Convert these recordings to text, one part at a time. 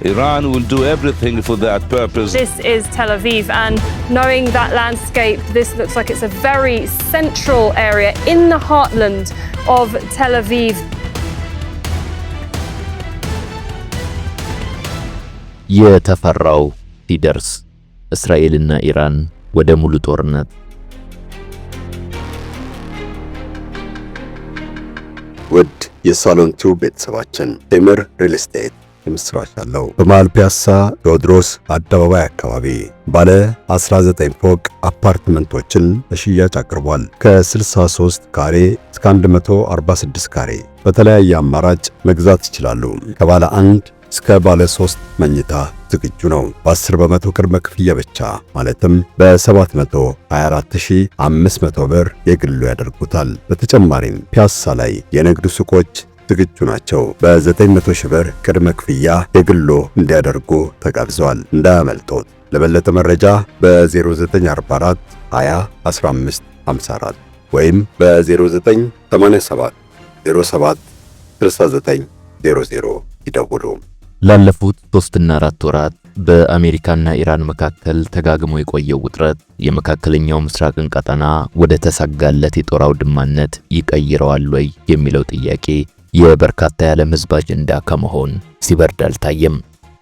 Iran will do everything for that purpose. This is Tel Aviv, and knowing that landscape, this looks like it's a very central area in the heartland of Tel Aviv. የተፈራው ሲደርስ እስራኤልና ኢራን ወደ ሙሉ ጦርነት ውድ የሳሎን ቲዩብ ቤተሰባችን ቴምር ሪል ስቴት የምስራች አለው። በመሃል ፒያሳ ቴዎድሮስ አደባባይ አካባቢ ባለ 19 ፎቅ አፓርትመንቶችን ለሽያጭ አቅርቧል። ከ63 ካሬ እስከ 146 ካሬ በተለያየ አማራጭ መግዛት ይችላሉ። ከባለ አንድ እስከ ባለ 3 መኝታ ዝግጁ ነው። በ10 በመቶ ቅድመ ክፍያ ብቻ ማለትም በ724500 ብር የግሉ ያደርጉታል። በተጨማሪም ፒያሳ ላይ የንግድ ሱቆች ዝግጁ ናቸው። በ900 ሺህ ብር ቅድመ ክፍያ የግሎ እንዲያደርጉ ተጋብዘዋል። እንዳያመልጦት። ለበለጠ መረጃ በ0944 20 15 54 ወይም በ0987 07 69 00 ይደውሉ። ላለፉት ሶስትና አራት ወራት በአሜሪካና ኢራን መካከል ተጋግሞ የቆየው ውጥረት የመካከለኛው ምስራቅን ቀጠና ወደ ተሳጋለት የጦር አውድማነት ይቀይረዋል ወይ የሚለው ጥያቄ የበርካታ የዓለም ሕዝብ አጀንዳ ከመሆን ሲበርድ አልታየም።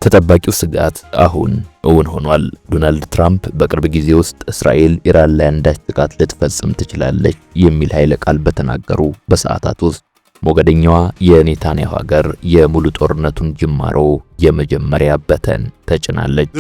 ተጠባቂው ስጋት አሁን እውን ሆኗል። ዶናልድ ትራምፕ በቅርብ ጊዜ ውስጥ እስራኤል ኢራን ላይ አንዳች ጥቃት ልትፈጽም ትችላለች የሚል ኃይለ ቃል በተናገሩ በሰዓታት ውስጥ ሞገደኛዋ የኔታንያሁ ሀገር የሙሉ ጦርነቱን ጅማሮ የመጀመሪያ በተን ተጭናለች።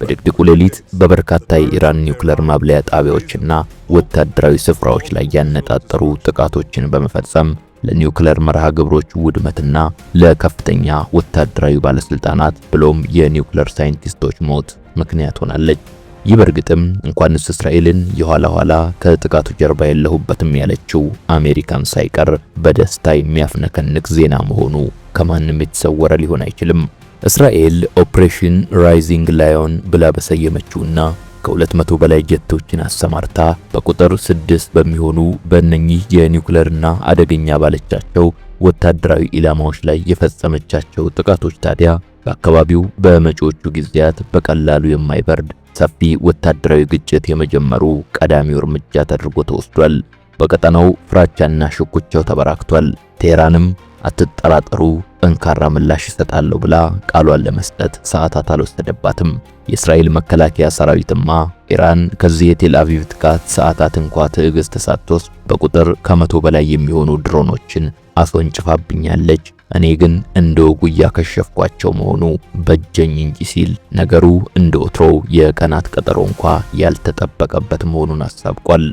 በድቅድቁ ሌሊት በበርካታ የኢራን ኒውክሌር ማብለያ ጣቢያዎችና ወታደራዊ ስፍራዎች ላይ ያነጣጠሩ ጥቃቶችን በመፈጸም ለኒውክሌር መርሃ ግብሮች ውድመትና ለከፍተኛ ወታደራዊ ባለስልጣናት ብሎም የኒውክሌር ሳይንቲስቶች ሞት ምክንያት ሆናለች። ይህ በእርግጥም እንኳንስ እስራኤልን የኋላ ኋላ ከጥቃቱ ጀርባ የለሁበትም ያለችው አሜሪካን ሳይቀር በደስታ የሚያፍነከንቅ ዜና መሆኑ ከማንም የተሰወረ ሊሆን አይችልም። እስራኤል ኦፕሬሽን ራይዚንግ ላዮን ብላ በሰየመችውና ከ200 በላይ ጀቶችን አሰማርታ በቁጥር ስድስት በሚሆኑ በእነኚህ የኒውክሌርና አደገኛ ባለቻቸው ወታደራዊ ኢላማዎች ላይ የፈጸመቻቸው ጥቃቶች ታዲያ በአካባቢው በመጪዎቹ ጊዜያት በቀላሉ የማይበርድ ሰፊ ወታደራዊ ግጭት የመጀመሩ ቀዳሚው እርምጃ ተደርጎ ተወስዷል። በቀጠናው ፍራቻና ሽኩቻው ተበራክቷል። ቴህራንም አትጠራጠሩ ጠንካራ ምላሽ ይሰጣለሁ ብላ ቃሏን ለመስጠት ሰዓታት አልወሰደባትም። የእስራኤል መከላከያ ሰራዊትማ ኢራን ከዚህ የቴል አቪቭ ጥቃት ሰዓታት እንኳ ትዕግስት ሳትወስ በቁጥር ከመቶ በላይ የሚሆኑ ድሮኖችን አስወንጭፋብኛለች፣ እኔ ግን እንደ ወጉ እያከሸፍኳቸው መሆኑ በጀኝ እንጂ ሲል ነገሩ እንደ ወትሮው የቀናት ቀጠሮ እንኳ ያልተጠበቀበት መሆኑን አሳብቋል።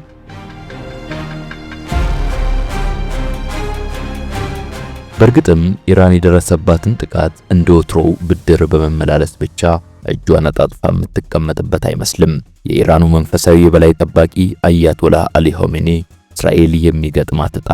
በእርግጥም ኢራን የደረሰባትን ጥቃት እንደ ወትሮው ብድር በመመላለስ ብቻ እጇን አጣጥፋ የምትቀመጥበት አይመስልም። የኢራኑ መንፈሳዊ የበላይ ጠባቂ አያቶላ አሊ ሆሜኒ እስራኤል የሚገጥማት ዕጣ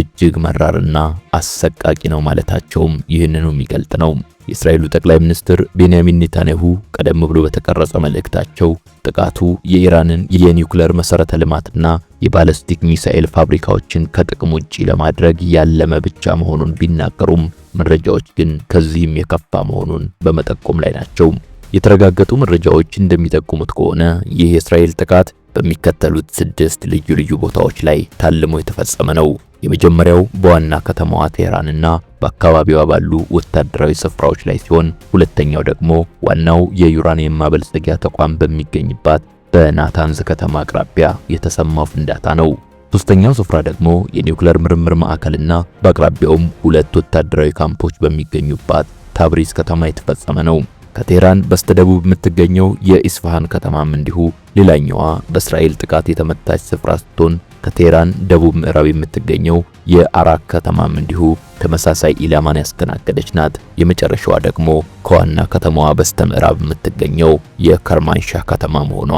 እጅግ መራርና አሰቃቂ ነው ማለታቸውም ይህንኑ የሚገልጥ ነው። የእስራኤሉ ጠቅላይ ሚኒስትር ቤንያሚን ኔታንያሁ ቀደም ብሎ በተቀረጸ መልእክታቸው ጥቃቱ የኢራንን የኒውክሌር መሠረተ ልማትና የባለስቲክ ሚሳኤል ፋብሪካዎችን ከጥቅም ውጪ ለማድረግ ያለመ ብቻ መሆኑን ቢናገሩም መረጃዎች ግን ከዚህም የከፋ መሆኑን በመጠቆም ላይ ናቸው። የተረጋገጡ መረጃዎች እንደሚጠቁሙት ከሆነ ይህ የእስራኤል ጥቃት በሚከተሉት ስድስት ልዩ ልዩ ቦታዎች ላይ ታልሞ የተፈጸመ ነው። የመጀመሪያው በዋና ከተማዋ ቴህራንና በአካባቢዋ ባሉ ወታደራዊ ስፍራዎች ላይ ሲሆን ሁለተኛው ደግሞ ዋናው የዩራኒየም ማበልጸጊያ ተቋም በሚገኝባት በናታንዝ ከተማ አቅራቢያ የተሰማው ፍንዳታ ነው። ሶስተኛው ስፍራ ደግሞ የኒውክሌር ምርምር ማዕከልና በአቅራቢያውም ሁለት ወታደራዊ ካምፖች በሚገኙባት ታብሪዝ ከተማ የተፈጸመ ነው። ከቴህራን በስተደቡብ የምትገኘው የኢስፋሃን ከተማም እንዲሁ ሌላኛዋ በእስራኤል ጥቃት የተመታች ስፍራ ስትሆን ከቴህራን ደቡብ ምዕራብ የምትገኘው የአራክ ከተማም እንዲሁ ተመሳሳይ ኢላማን ያስተናገደች ናት። የመጨረሻዋ ደግሞ ከዋና ከተማዋ በስተ ምዕራብ የምትገኘው የከርማንሻህ ከተማ መሆኗ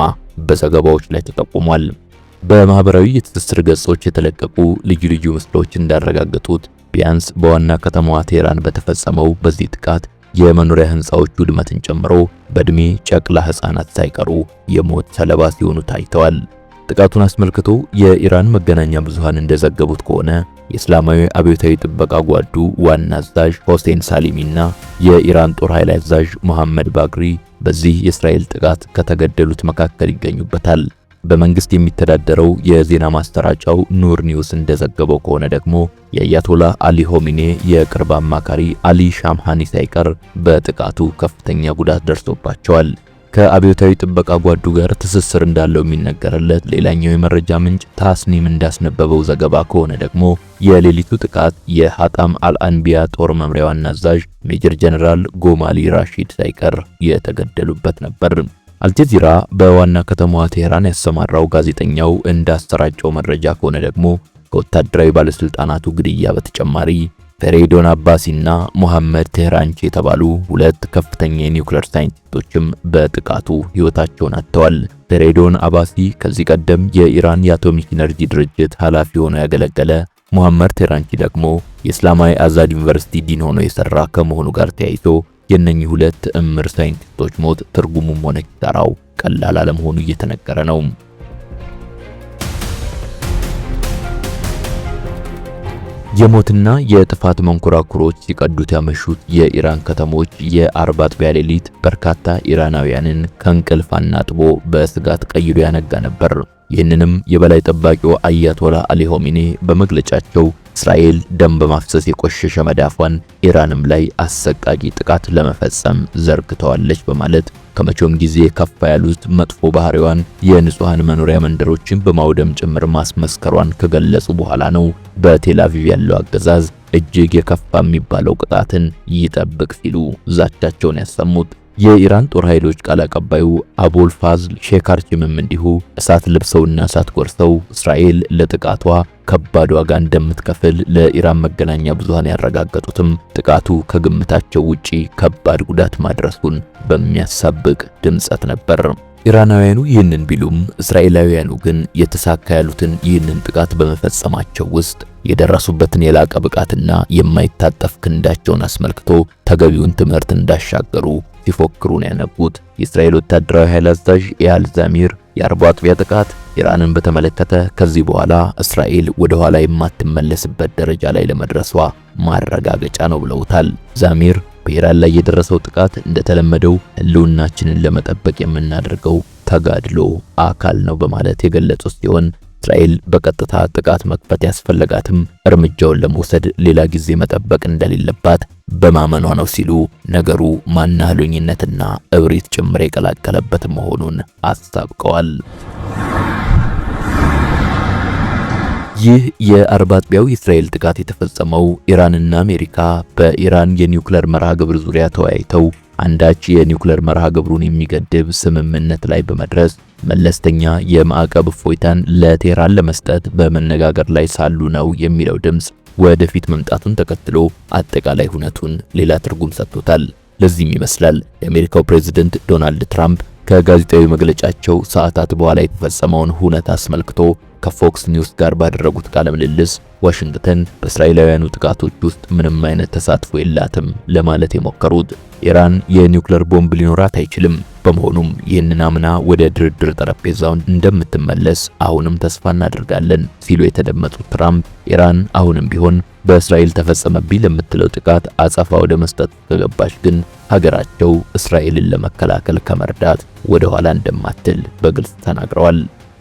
በዘገባዎች ላይ ተጠቁሟል። በማኅበራዊ የትስስር ገጾች የተለቀቁ ልዩ ልዩ ምስሎች እንዳረጋገጡት ቢያንስ በዋና ከተማዋ ቴህራን በተፈጸመው በዚህ ጥቃት የመኖሪያ ህንፃዎች ውድመትን ጨምሮ በዕድሜ ጨቅላ ህፃናት ሳይቀሩ የሞት ሰለባ ሲሆኑ ታይተዋል። ጥቃቱን አስመልክቶ የኢራን መገናኛ ብዙሃን እንደዘገቡት ከሆነ የእስላማዊ አብዮታዊ ጥበቃ ጓዱ ዋና አዛዥ ሆሴን ሳሊሚና የኢራን ጦር ኃይል አዛዥ መሐመድ ባግሪ በዚህ የእስራኤል ጥቃት ከተገደሉት መካከል ይገኙበታል። በመንግስት የሚተዳደረው የዜና ማሰራጫው ኑር ኒውስ እንደዘገበው ከሆነ ደግሞ የአያቶላ አሊ ሆሚኔ የቅርብ አማካሪ አሊ ሻምሃኒ ሳይቀር በጥቃቱ ከፍተኛ ጉዳት ደርሶባቸዋል። ከአብዮታዊ ጥበቃ ጓዱ ጋር ትስስር እንዳለው የሚነገርለት ሌላኛው የመረጃ ምንጭ ታስኒም እንዳስነበበው ዘገባ ከሆነ ደግሞ የሌሊቱ ጥቃት የሀጣም አልአንቢያ ጦር መምሪያ ዋና አዛዥ ሜጀር ጀነራል ጎማሊ ራሺድ ሳይቀር የተገደሉበት ነበር። አልጀዚራ በዋና ከተማዋ ቴህራን ያሰማራው ጋዜጠኛው እንዳሰራጨው መረጃ ከሆነ ደግሞ ከወታደራዊ ባለስልጣናቱ ግድያ በተጨማሪ ፌሬዶን አባሲና ሙሐመድ ቴህራንቺ የተባሉ ሁለት ከፍተኛ የኒውክሌር ሳይንቲስቶችም በጥቃቱ ሕይወታቸውን አጥተዋል። ፌሬዶን አባሲ ከዚህ ቀደም የኢራን የአቶሚክ ኢነርጂ ድርጅት ኃላፊ ሆኖ ያገለገለ ሞሐመድ ቴህራንቺ ደግሞ የእስላማዊ አዛድ ዩኒቨርሲቲ ዲን ሆኖ የሰራ ከመሆኑ ጋር ተያይዞ የነኚህ ሁለት እምር ሳይንቲስቶች ሞት ትርጉሙም ሆነ ኪሳራው ቀላል አለመሆኑ እየተነገረ ነው። የሞትና የጥፋት መንኮራኩሮች ሲቀዱት ያመሹት የኢራን ከተሞች የአርባ አጥቢያ ሌሊት በርካታ ኢራናውያንን ከእንቅልፍ አናጥቦ በስጋት ቀይዶ ያነጋ ነበር። ይህንንም የበላይ ጠባቂው አያቶላ አሊ ሆሚኔ በመግለጫቸው እስራኤል ደም በማፍሰስ የቆሸሸ መዳፏን ኢራንም ላይ አሰቃቂ ጥቃት ለመፈጸም ዘርግተዋለች በማለት ከመቼውም ጊዜ ከፋ ያሉት መጥፎ ባህሪዋን የንጹሃን መኖሪያ መንደሮችን በማውደም ጭምር ማስመስከሯን ከገለጹ በኋላ ነው በቴል አቪቭ ያለው አገዛዝ እጅግ የከፋ የሚባለው ቅጣትን ይጠብቅ ሲሉ ዛቻቸውን ያሰሙት። የኢራን ጦር ኃይሎች ቃል አቀባዩ አቡል ፋዝል ሼካርቺምም እንዲሁ እሳት ለብሰውና እሳት ጎርሰው እስራኤል ለጥቃቷ ከባድ ዋጋ እንደምትከፍል ለኢራን መገናኛ ብዙሃን ያረጋገጡትም ጥቃቱ ከግምታቸው ውጪ ከባድ ጉዳት ማድረሱን በሚያሳብቅ ድምጸት ነበር። ኢራናውያኑ ይህንን ቢሉም እስራኤላውያኑ ግን የተሳካ ያሉትን ይህንን ጥቃት በመፈጸማቸው ውስጥ የደረሱበትን የላቀ ብቃትና የማይታጠፍ ክንዳቸውን አስመልክቶ ተገቢውን ትምህርት እንዳሻገሩ ሲፎክሩን ያነቡት የእስራኤል ወታደራዊ ኃይል አዛዥ ኢያል ዛሚር የአርባ አጥቢያ ጥቃት ኢራንን በተመለከተ ከዚህ በኋላ እስራኤል ወደ ኋላ የማትመለስበት ደረጃ ላይ ለመድረሷ ማረጋገጫ ነው ብለውታል። ዛሚር በኢራን ላይ የደረሰው ጥቃት እንደተለመደው ህልውናችንን ለመጠበቅ የምናደርገው ተጋድሎ አካል ነው በማለት የገለጹ ሲሆን እስራኤል በቀጥታ ጥቃት መክፈት ያስፈለጋትም እርምጃውን ለመውሰድ ሌላ ጊዜ መጠበቅ እንደሌለባት በማመኗ ነው ሲሉ ነገሩ ማናህሎኝነትና እብሪት ጭምር የቀላቀለበት መሆኑን አስታብቀዋል። ይህ የአርባ አጥቢያው የእስራኤል ጥቃት የተፈጸመው ኢራንና አሜሪካ በኢራን የኒውክሌር መርሃ ግብር ዙሪያ ተወያይተው አንዳች የኒውክሌር መርሃ ግብሩን የሚገድብ ስምምነት ላይ በመድረስ መለስተኛ የማዕቀብ እፎይታን ለቴህራን ለመስጠት በመነጋገር ላይ ሳሉ ነው የሚለው ድምፅ ወደፊት መምጣቱን ተከትሎ አጠቃላይ ሁነቱን ሌላ ትርጉም ሰጥቶታል። ለዚህም ይመስላል የአሜሪካው ፕሬዝደንት ዶናልድ ትራምፕ ከጋዜጣዊ መግለጫቸው ሰዓታት በኋላ የተፈጸመውን ሁነት አስመልክቶ ከፎክስ ኒውስ ጋር ባደረጉት ቃለ ምልልስ ዋሽንግተን በእስራኤላውያኑ ጥቃቶች ውስጥ ምንም አይነት ተሳትፎ የላትም ለማለት የሞከሩት ኢራን የኒውክሌር ቦምብ ሊኖራት አይችልም፣ በመሆኑም ይህንን አምና ወደ ድርድር ጠረጴዛውን እንደምትመለስ አሁንም ተስፋ እናደርጋለን ሲሉ የተደመጡት ትራምፕ ኢራን አሁንም ቢሆን በእስራኤል ተፈጸመብኝ ለምትለው ጥቃት አጸፋ ወደ መስጠት ከገባች ግን ሀገራቸው እስራኤልን ለመከላከል ከመርዳት ወደ ኋላ እንደማትል በግልጽ ተናግረዋል።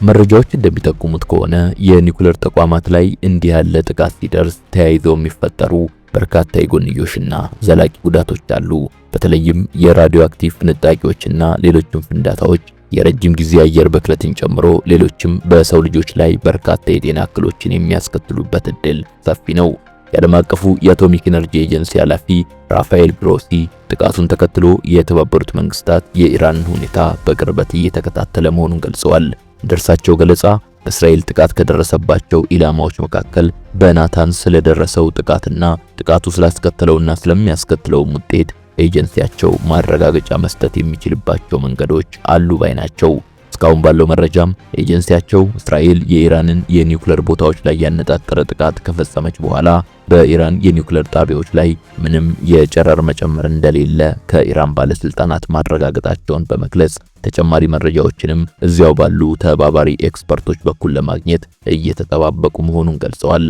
መረጃዎች እንደሚጠቁሙት ከሆነ የኒኩለር ተቋማት ላይ እንዲህ ያለ ጥቃት ሲደርስ ተያይዘው የሚፈጠሩ በርካታ የጎንዮሽና ዘላቂ ጉዳቶች አሉ። በተለይም የራዲዮ አክቲቭ ፍንጣቂዎችና ሌሎችም ፍንዳታዎች የረጅም ጊዜ አየር በክለትን ጨምሮ ሌሎችም በሰው ልጆች ላይ በርካታ የጤና እክሎችን የሚያስከትሉበት እድል ሰፊ ነው። የዓለም አቀፉ የአቶሚክ ኤነርጂ ኤጀንሲ ኃላፊ ራፋኤል ግሮሲ ጥቃቱን ተከትሎ የተባበሩት መንግስታት የኢራንን ሁኔታ በቅርበት እየተከታተለ መሆኑን ገልጸዋል። በደርሳቸው ገለጻ እስራኤል ጥቃት ከደረሰባቸው ኢላማዎች መካከል በናታን ስለደረሰው ጥቃትና ጥቃቱ ስላስከተለውና ስለሚያስከትለው ውጤት ኤጀንሲያቸው ማረጋገጫ መስጠት የሚችልባቸው መንገዶች አሉ ባይ ናቸው። እስካሁን ባለው መረጃም ኤጀንሲያቸው እስራኤል የኢራንን የኒውክሌር ቦታዎች ላይ ያነጣጠረ ጥቃት ከፈጸመች በኋላ በኢራን የኒውክሌር ጣቢያዎች ላይ ምንም የጨረር መጨመር እንደሌለ ከኢራን ባለስልጣናት ማረጋገጣቸውን በመግለጽ ተጨማሪ መረጃዎችንም እዚያው ባሉ ተባባሪ ኤክስፐርቶች በኩል ለማግኘት እየተጠባበቁ መሆኑን ገልጸዋል።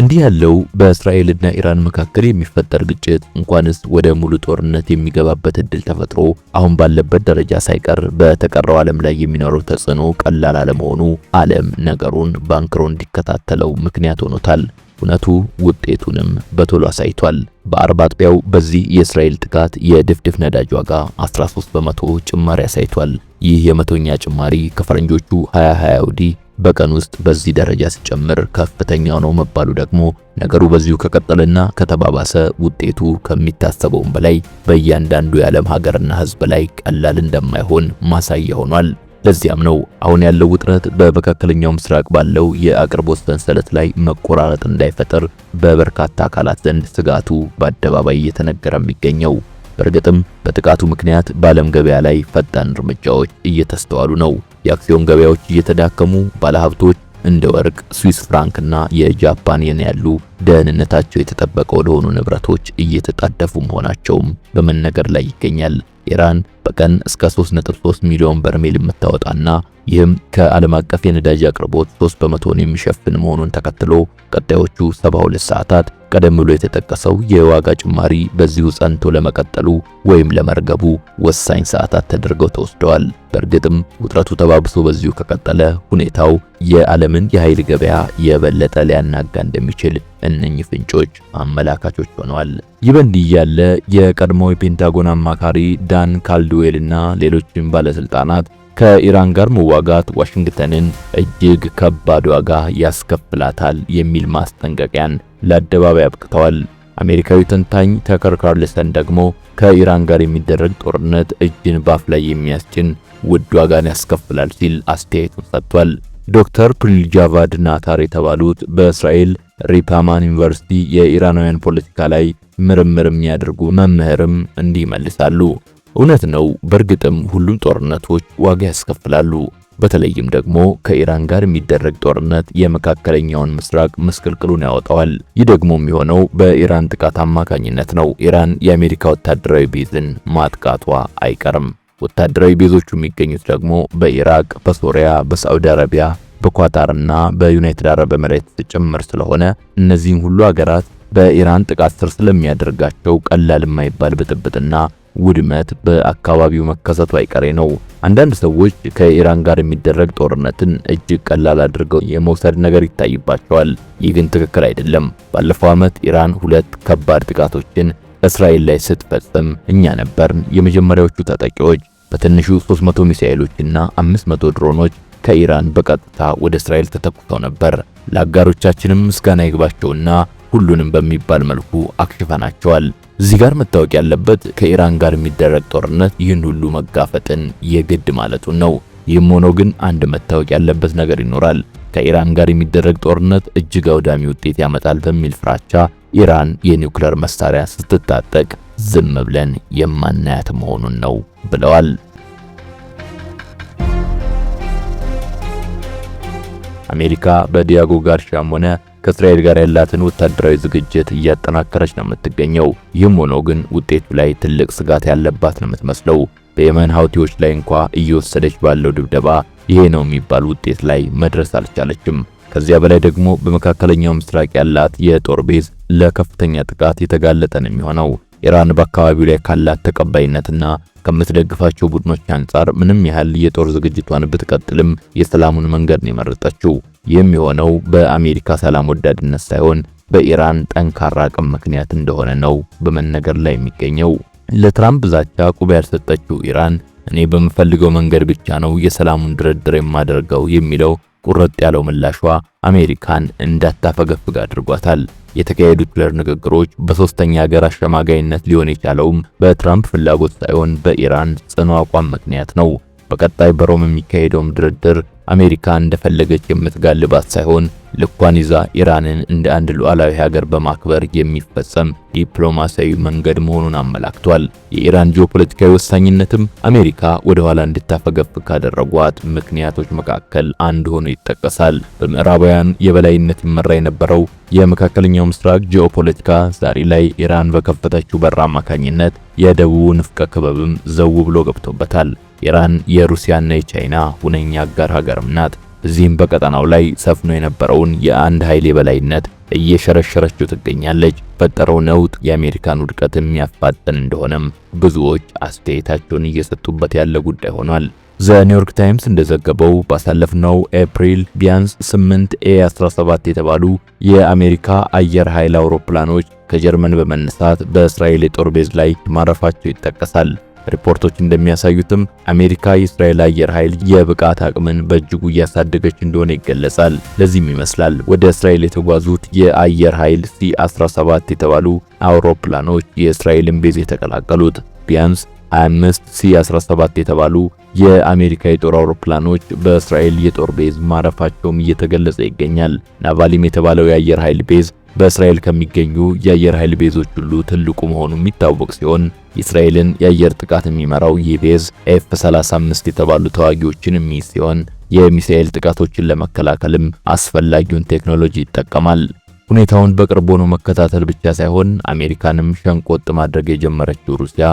እንዲህ ያለው በእስራኤልና ኢራን መካከል የሚፈጠር ግጭት እንኳንስ ወደ ሙሉ ጦርነት የሚገባበት እድል ተፈጥሮ አሁን ባለበት ደረጃ ሳይቀር በተቀረው ዓለም ላይ የሚኖረው ተጽዕኖ ቀላል አለመሆኑ ዓለም ነገሩን ባንክሮ እንዲከታተለው ምክንያት ሆኖታል። እውነቱ ውጤቱንም በቶሎ አሳይቷል። በአርባ አጥቢያው በዚህ የእስራኤል ጥቃት የድፍድፍ ነዳጅ ዋጋ 13 በመቶ ጭማሪ አሳይቷል። ይህ የመቶኛ ጭማሪ ከፈረንጆቹ 2020 ወዲህ በቀን ውስጥ በዚህ ደረጃ ሲጨምር ከፍተኛ ነው መባሉ ደግሞ ነገሩ በዚሁ ከቀጠለና ከተባባሰ ውጤቱ ከሚታሰበውም በላይ በእያንዳንዱ የዓለም ሀገርና ሕዝብ ላይ ቀላል እንደማይሆን ማሳያ ሆኗል። ለዚያም ነው አሁን ያለው ውጥረት በመካከለኛው ምስራቅ ባለው የአቅርቦት ሰንሰለት ላይ መቆራረጥ እንዳይፈጠር በበርካታ አካላት ዘንድ ስጋቱ በአደባባይ እየተነገረ የሚገኘው። በእርግጥም በጥቃቱ ምክንያት በዓለም ገበያ ላይ ፈጣን እርምጃዎች እየተስተዋሉ ነው። የአክሲዮን ገበያዎች እየተዳከሙ ባለሀብቶች እንደ ወርቅ፣ ስዊስ እና የጃፓን የን ያሉ ደህንነታቸው የተጠበቀ ወደሆኑ ንብረቶች እየተጣደፉ መሆናቸውም በመነገር ላይ ይገኛል። ኢራን በቀን እስከ 3.3 ሚሊዮን በርሜል የምታወጣና ይህም ከዓለም አቀፍ የነዳጅ አቅርቦት 3 በመቶን የሚሸፍን መሆኑን ተከትሎ ቀጣዮቹ 72 ሰዓታት ቀደም ብሎ የተጠቀሰው የዋጋ ጭማሪ በዚሁ ጸንቶ ለመቀጠሉ ወይም ለመርገቡ ወሳኝ ሰዓታት ተደርገው ተወስደዋል። በእርግጥም ውጥረቱ ተባብሶ በዚሁ ከቀጠለ ሁኔታው የዓለምን የኃይል ገበያ የበለጠ ሊያናጋ እንደሚችል እነኚህ ፍንጮች አመላካቾች ሆነዋል። ይህ በእንዲህ ያለ የቀድሞው የፔንታጎን አማካሪ ዳን ካልድዌል እና ሌሎችም ባለስልጣናት ከኢራን ጋር መዋጋት ዋሽንግተንን እጅግ ከባድ ዋጋ ያስከፍላታል የሚል ማስጠንቀቂያን ለአደባባይ አብቅተዋል። አሜሪካዊ ተንታኝ ተከር ካርልሰን ደግሞ ከኢራን ጋር የሚደረግ ጦርነት እጅን ባፍ ላይ የሚያስጭን ውድ ዋጋን ያስከፍላል ሲል አስተያየቱን ሰጥቷል። ዶክተር ፕሪልጃቫድ ናታር የተባሉት በእስራኤል ሪፓማን ዩኒቨርሲቲ የኢራናውያን ፖለቲካ ላይ ምርምር የሚያደርጉ መምህርም እንዲህ ይመልሳሉ። እውነት ነው። በእርግጥም ሁሉም ጦርነቶች ዋጋ ያስከፍላሉ። በተለይም ደግሞ ከኢራን ጋር የሚደረግ ጦርነት የመካከለኛውን ምስራቅ ምስቅልቅሉን ያወጣዋል። ይህ ደግሞ የሚሆነው በኢራን ጥቃት አማካኝነት ነው። ኢራን የአሜሪካ ወታደራዊ ቤዝን ማጥቃቷ አይቀርም። ወታደራዊ ቤዞቹ የሚገኙት ደግሞ በኢራቅ፣ በሶሪያ፣ በሳዑዲ አረቢያ፣ በኳታርና በዩናይትድ አረብ ኤምሬትስ ጭምር ስለሆነ እነዚህን ሁሉ አገራት በኢራን ጥቃት ስር ስለሚያደርጋቸው ቀላል የማይባል ብጥብጥና ውድመት በአካባቢው መከሰቱ አይቀሬ ነው። አንዳንድ ሰዎች ከኢራን ጋር የሚደረግ ጦርነትን እጅግ ቀላል አድርገው የመውሰድ ነገር ይታይባቸዋል። ይህ ግን ትክክል አይደለም። ባለፈው ዓመት ኢራን ሁለት ከባድ ጥቃቶችን እስራኤል ላይ ስትፈጽም እኛ ነበርን የመጀመሪያዎቹ ተጠቂዎች። በትንሹ 300 ሚሳኤሎችና 500 ድሮኖች ከኢራን በቀጥታ ወደ እስራኤል ተተኩሰው ነበር። ለአጋሮቻችንም ምስጋና ይግባቸውና ሁሉንም በሚባል መልኩ አክሽፈናቸዋል። እዚህ ጋር መታወቅ ያለበት ከኢራን ጋር የሚደረግ ጦርነት ይህን ሁሉ መጋፈጥን የግድ ማለቱን ነው። ይህም ሆኖ ግን አንድ መታወቅ ያለበት ነገር ይኖራል። ከኢራን ጋር የሚደረግ ጦርነት እጅግ አውዳሚ ውጤት ያመጣል በሚል ፍራቻ ኢራን የኒውክሌር መሳሪያ ስትታጠቅ ዝም ብለን የማናያት መሆኑን ነው ብለዋል። አሜሪካ በዲያጎ ጋርሻም ሆነ ከእስራኤል ጋር ያላትን ወታደራዊ ዝግጅት እያጠናከረች ነው የምትገኘው። ይህም ሆኖ ግን ውጤቱ ላይ ትልቅ ስጋት ያለባት ነው የምትመስለው። በየመን ሀውቲዎች ላይ እንኳ እየወሰደች ባለው ድብደባ ይሄ ነው የሚባል ውጤት ላይ መድረስ አልቻለችም። ከዚያ በላይ ደግሞ በመካከለኛው ምስራቅ ያላት የጦር ቤዝ ለከፍተኛ ጥቃት የተጋለጠ ነው የሚሆነው። ኢራን በአካባቢው ላይ ካላት ተቀባይነትና ከምትደግፋቸው ቡድኖች አንጻር ምንም ያህል የጦር ዝግጅቷን ብትቀጥልም የሰላሙን መንገድ ነው የመረጠችው። ይህም የሆነው በአሜሪካ ሰላም ወዳድነት ሳይሆን በኢራን ጠንካራ አቅም ምክንያት እንደሆነ ነው በመነገር ላይ የሚገኘው። ለትራምፕ ዛቻ ቁባ ያልሰጠችው ኢራን እኔ በምፈልገው መንገድ ብቻ ነው የሰላሙን ድርድር የማደርገው የሚለው ቁርጥ ያለው ምላሿ አሜሪካን እንዳታፈገፍግ አድርጓታል። የተካሄዱት ሁለት ንግግሮች በሶስተኛ ሀገር አሸማጋይነት ሊሆን የቻለውም በትራምፕ ፍላጎት ሳይሆን በኢራን ጽኑ አቋም ምክንያት ነው። በቀጣይ በሮም የሚካሄደውም ድርድር አሜሪካ እንደፈለገች የምትጋልባት ሳይሆን ልኳን ይዛ ኢራንን እንደ አንድ ሉዓላዊ ሀገር በማክበር የሚፈጸም ዲፕሎማሲያዊ መንገድ መሆኑን አመላክቷል። የኢራን ጂኦፖለቲካዊ ወሳኝነትም አሜሪካ ወደ ኋላ እንድታፈገፍ ካደረጓት ምክንያቶች መካከል አንዱ ሆኖ ይጠቀሳል። በምዕራባውያን የበላይነት ይመራ የነበረው የመካከለኛው ምስራቅ ጂኦፖለቲካ ዛሬ ላይ ኢራን በከፈተችው በር አማካኝነት የደቡቡ ንፍቀ ክበብም ዘው ብሎ ገብቶበታል። ኢራን የሩሲያና የቻይና ሁነኛ አጋር ሀገርም ናት። እዚህም በቀጠናው ላይ ሰፍኖ የነበረውን የአንድ ኃይል የበላይነት እየሸረሸረችው ትገኛለች። ፈጠረው ነውጥ የአሜሪካን ውድቀት የሚያፋጥን እንደሆነም ብዙዎች አስተያየታቸውን እየሰጡበት ያለ ጉዳይ ሆኗል። ኒውዮርክ ታይምስ እንደዘገበው ባሳለፍነው ኤፕሪል ቢያንስ 8 ኤ17 የተባሉ የአሜሪካ አየር ኃይል አውሮፕላኖች ከጀርመን በመነሳት በእስራኤል የጦር ቤዝ ላይ ማረፋቸው ይጠቀሳል። ሪፖርቶች እንደሚያሳዩትም አሜሪካ የእስራኤል አየር ኃይል የብቃት አቅምን በእጅጉ እያሳደገች እንደሆነ ይገለጻል። ለዚህም ይመስላል ወደ እስራኤል የተጓዙት የአየር ኃይል ሲ17 የተባሉ አውሮፕላኖች የእስራኤልን ቤዝ የተቀላቀሉት። ቢያንስ 25 ሲ17 የተባሉ የአሜሪካ የጦር አውሮፕላኖች በእስራኤል የጦር ቤዝ ማረፋቸውም እየተገለጸ ይገኛል። ናቫሊም የተባለው የአየር ኃይል ቤዝ በእስራኤል ከሚገኙ የአየር ኃይል ቤዞች ሁሉ ትልቁ መሆኑ የሚታወቅ ሲሆን የእስራኤልን የአየር ጥቃት የሚመራው ይህ ቤዝ ኤፍ 35 የተባሉ ተዋጊዎችን የሚይዝ ሲሆን የሚሳኤል ጥቃቶችን ለመከላከልም አስፈላጊውን ቴክኖሎጂ ይጠቀማል። ሁኔታውን በቅርብ ሆኖ መከታተል ብቻ ሳይሆን አሜሪካንም ሸንቆጥ ማድረግ የጀመረችው ሩሲያ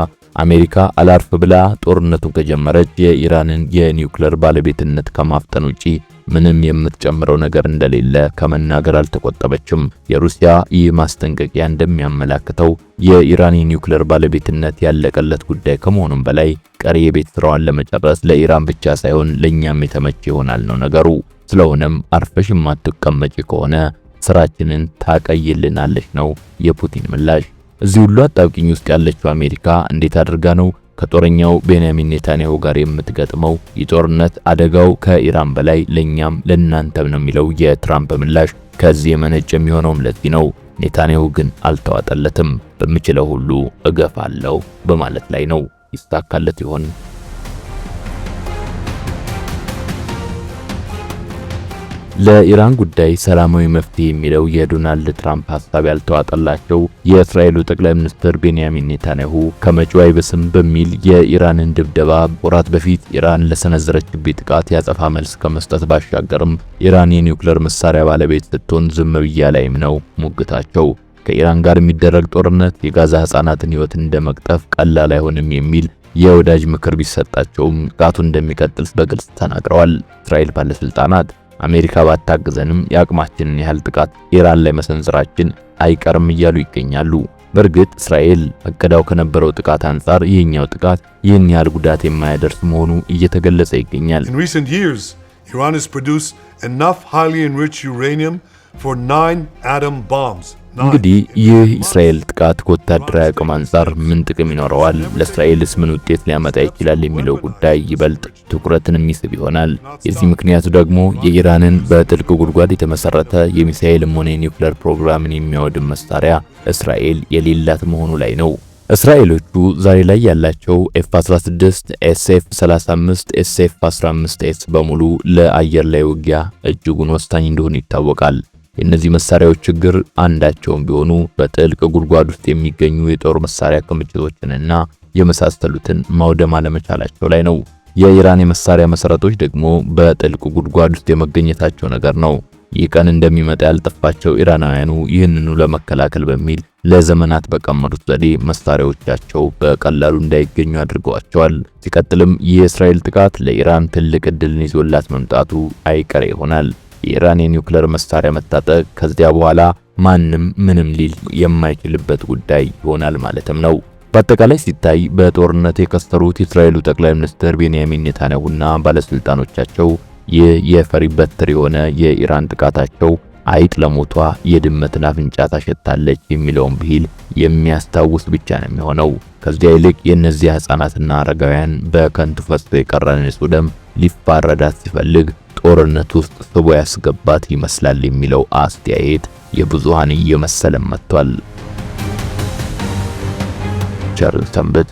አሜሪካ አላርፍ ብላ ጦርነቱን ከጀመረች የኢራንን የኒውክሌር ባለቤትነት ከማፍጠን ውጪ ምንም የምትጨምረው ነገር እንደሌለ ከመናገር አልተቆጠበችም። የሩሲያ ይህ ማስጠንቀቂያ እንደሚያመላክተው የኢራን የኒውክሌር ባለቤትነት ያለቀለት ጉዳይ ከመሆኑም በላይ ቀሪ የቤት ስራዋን ለመጨረስ ለኢራን ብቻ ሳይሆን ለእኛም የተመቸ ይሆናል ነው ነገሩ። ስለሆነም አርፈሽ የማትቀመጪ ከሆነ ስራችንን ታቀይልናለች ነው የፑቲን ምላሽ። እዚህ ሁሉ አጣብቂኝ ውስጥ ያለችው አሜሪካ እንዴት አድርጋ ነው ከጦረኛው ቤንያሚን ኔታንያሁ ጋር የምትገጥመው የጦርነት አደጋው ከኢራን በላይ ለእኛም ለእናንተም ነው የሚለው የትራምፕ ምላሽ ከዚህ የመነጨ የሚሆነውም ለዚህ ነው። ኔታንያሁ ግን አልተዋጠለትም። በምችለው ሁሉ እገፋለሁ በማለት ላይ ነው። ይሳካለት ይሆን? ለኢራን ጉዳይ ሰላማዊ መፍትሄ የሚለው የዶናልድ ትራምፕ ሀሳብ ያልተዋጠላቸው የእስራኤሉ ጠቅላይ ሚኒስትር ቤንያሚን ኔታንያሁ ከመጪው አይበስም በሚል የኢራንን ድብደባ ወራት በፊት ኢራን ለሰነዘረች ጥቃት ያጸፋ መልስ ከመስጠት ባሻገርም ኢራን የኒውክሌር መሳሪያ ባለቤት ስትሆን ዝም ብያ ላይም ነው ሙግታቸው። ከኢራን ጋር የሚደረግ ጦርነት የጋዛ ህጻናትን ህይወት እንደመቅጠፍ ቀላል አይሆንም የሚል የወዳጅ ምክር ቢሰጣቸውም ጥቃቱ እንደሚቀጥል በግልጽ ተናግረዋል። እስራኤል ባለስልጣናት አሜሪካ ባታግዘንም የአቅማችንን ያህል ጥቃት ኢራን ላይ መሰንዘራችን አይቀርም እያሉ ይገኛሉ። በእርግጥ እስራኤል አቀዳው ከነበረው ጥቃት አንጻር ይህኛው ጥቃት ይህን ያህል ጉዳት የማያደርስ መሆኑ እየተገለጸ ይገኛል። Iran has produced enough highly enriched uranium for nine atom bombs. እንግዲህ ይህ እስራኤል ጥቃት ከወታደራዊ አቅም አንጻር ምን ጥቅም ይኖረዋል፣ ለእስራኤልስ ምን ውጤት ሊያመጣ ይችላል የሚለው ጉዳይ ይበልጥ ትኩረትን የሚስብ ይሆናል። የዚህ ምክንያቱ ደግሞ የኢራንን በጥልቅ ጉድጓድ የተመሰረተ የሚሳኤልም ሆነ የኒውክሌር ፕሮግራምን የሚያወድም መሳሪያ እስራኤል የሌላት መሆኑ ላይ ነው። እስራኤሎቹ ዛሬ ላይ ያላቸው ኤፍ16፣ ኤስኤፍ 35፣ ኤስኤፍ 15 ኤስ በሙሉ ለአየር ላይ ውጊያ እጅጉን ወሳኝ እንደሆኑ ይታወቃል። የእነዚህ መሳሪያዎች ችግር አንዳቸውም ቢሆኑ በጥልቅ ጉድጓድ ውስጥ የሚገኙ የጦር መሳሪያ ክምችቶችንና የመሳሰሉትን ማውደም አለመቻላቸው ላይ ነው። የኢራን የመሳሪያ መሰረቶች ደግሞ በጥልቅ ጉድጓድ ውስጥ የመገኘታቸው ነገር ነው። ይህ ቀን እንደሚመጣ ያልጠፋቸው ኢራናውያኑ ይህንኑ ለመከላከል በሚል ለዘመናት በቀመሩት ዘዴ መሳሪያዎቻቸው በቀላሉ እንዳይገኙ አድርገዋቸዋል። ሲቀጥልም የእስራኤል ጥቃት ለኢራን ትልቅ ዕድልን ይዞላት መምጣቱ አይቀሬ ይሆናል። የኢራን የኒውክሌር መሳሪያ መታጠቅ ከዚያ በኋላ ማንም ምንም ሊል የማይችልበት ጉዳይ ይሆናል ማለትም ነው። በአጠቃላይ ሲታይ በጦርነት የከሰሩት የእስራኤሉ ጠቅላይ ሚኒስትር ቤንያሚን ኔታንያሁና ባለስልጣኖቻቸው ይህ የፈሪ በትር የሆነ የኢራን ጥቃታቸው አይጥ ለሞቷ የድመትን አፍንጫ ታሸታለች የሚለውን ብሂል የሚያስታውስ ብቻ ነው የሚሆነው። ከዚያ ይልቅ የእነዚያ ሕፃናትና አረጋውያን በከንቱ ፈሶ የቀረን ንጹህ ደም ሊፋረዳት ሲፈልግ ጦርነት ውስጥ ስቦ ያስገባት ይመስላል የሚለው አስተያየት የብዙሃን እየመሰለ መጥቷል። ቸርን ሰንብት።